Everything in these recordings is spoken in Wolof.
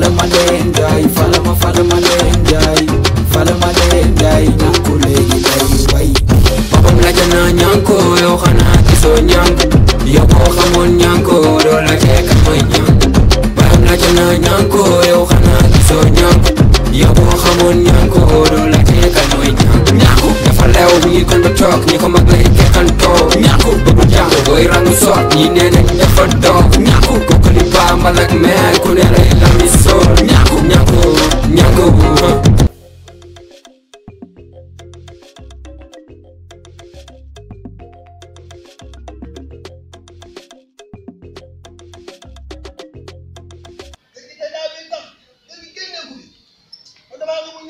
fala ma leen jaay fala ma fala ma leen jaay fala ma leen jaay ñànku léegi day way boppam la janaa ñànku yow xanaa gisoo ñànku yow boo xamoon ñànku doo la jekk mooy ñànku boppam la janaa ñànku yow xanaa gisoo ñànku yow boo xamoon ñànku doo la jekk mooy ñànku ñànku dafa leew bu ngi kon ba coog ñi ko mag lay kekkan toog ñànku ba bu jàng booy rangu soot ñi nee nañ dafa doog ñànku kooku li baa mbalak meel ku ne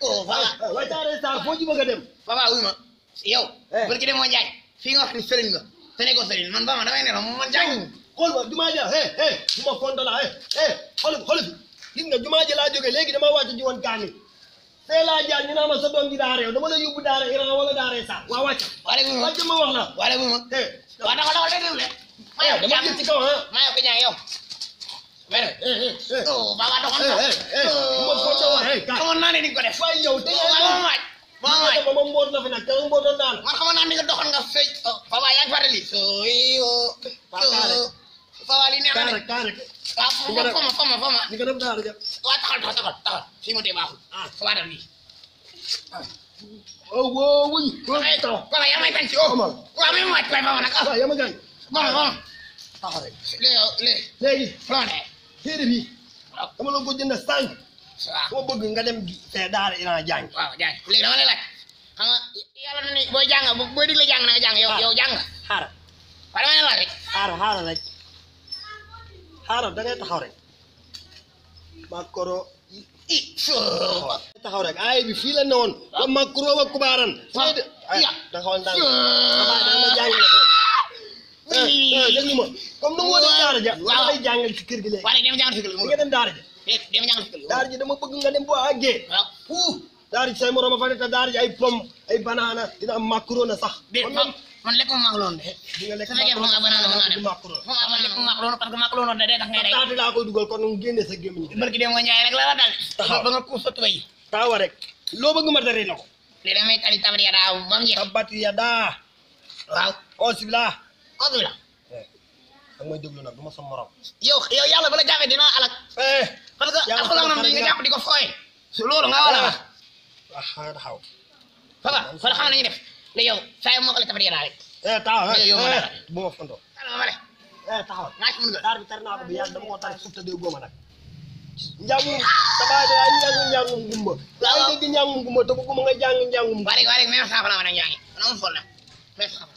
oh voilà wa Star foo ci bëgg a dem. papa wuy ma yow. Eh. bari ci demoo Ndiaye fii nga wax ni sëriñ nga te ne ko sëriñ man ba hmm. ma damay ne la man Ndiaye. xool ba jumaa ja eh eh bu ma kontaan la eh nga jumaa ja laa jógee léegi dama wàcc ji woon kaani see laa jaar ñu naa ma sa doom ji daara yow dama la yóbbu daara Iran wala daara Sarr waa wàcc. wàcc ma wax la. waa dama dama déglu de. ma yow dama jëm ci kaw ah maa yow ko ñaan yow. baba doxoon na ma xamoon naa ne ni ko def. waaye yow tey waay fi nag tey mbootoon naa la. man xamoon naa ne nga doxoon nga fay. Faba yaa ngi fàttali. li neex na de. waaw fama fama fama. waaw taxal taxal taxal taxal fii mu dee baaxul. Faba daf lii. waaw waaw wuy. téere bi waaw dama la ko jënd sànq. nga dem fee daara Iran na ni booy jàng booy digle jàng na nga jàng yow yow jàng. xaaral waaw rek. xaaral xaaral rek xaaral taxaw rek makoro i taxaw rek ay bi fii la ne woon. waaw makoro wa kubaaran. waaw waaw taxawal daal. ma comme nu mu wootee daara ja waaw lay jàngal ci kër gi léegi waaw dama jàngal ci kër gi nga dem daara ja dama jàngal ci kër gi daara ja dama bëgg nga dem boo àggee waaw pou daara ji say moroom a fa ne te daara ji ay pomme ay banana dina am macaroni sax man lekkuma macaroni de di nga lekk macaroni banana mën naa dem macaroni man lekkuma macaroni parce que macaroni da day tax ngay rey taati laa koy dugal kon nu génne sa gémmiñ barki dem nga njaay rek la la dal ba nga kuuf sa tubay taawa rek loo bëgg ma dari na ko li damay tali tabat yadaa moom jeex tabat yadaa waaw osibila osibila da may déglu nag du ma sa morom. yow yow yàlla bala jàppee dinaa eh, que alxuraan di ko fooye. loolu nga wala wax. Eh, waaw ah, xanaa taxaw. papa def ne yow moo ko la tabat yéen a rek. Eh, ci mun nga. taar bi tar naa ko bi yàlla dama ko tar suuf dee góoma nag. njàngum sabaa de ay njàngum njàngum gumba. waaw waaw ay dégg njàngum gumba te bëgguma nga jàng njàngum. waa léegi waa léegi même saafara ma nag njàngi. na mu fol na même saafara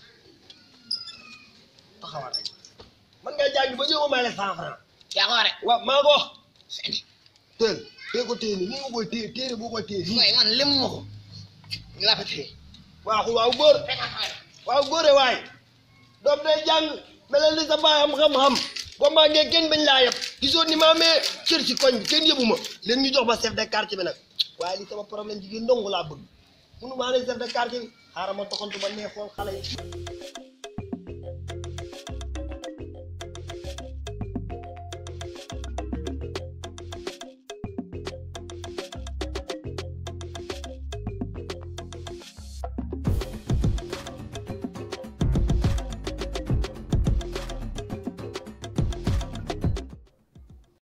ba ñëw ma may la cent franc. yaa ko war a. waaw maa ko. teel teel ko téye nii nii nga koy téye ko. laa ko téye. waaw waaw góor. waaw góore waay. doom day jàng melal ni sa baay am xam-xam. boo màggee kenn bañ laa yëpp gisoo ni ma amee cër ci koñ bi kenn ma léegi ñu jox ma chef de quartier bi nag waaye li sama problème jigéen ndongo laa bëgg mënu maa ne chef de quartier bi xaaral ma toxantu ba neexoon xale yi.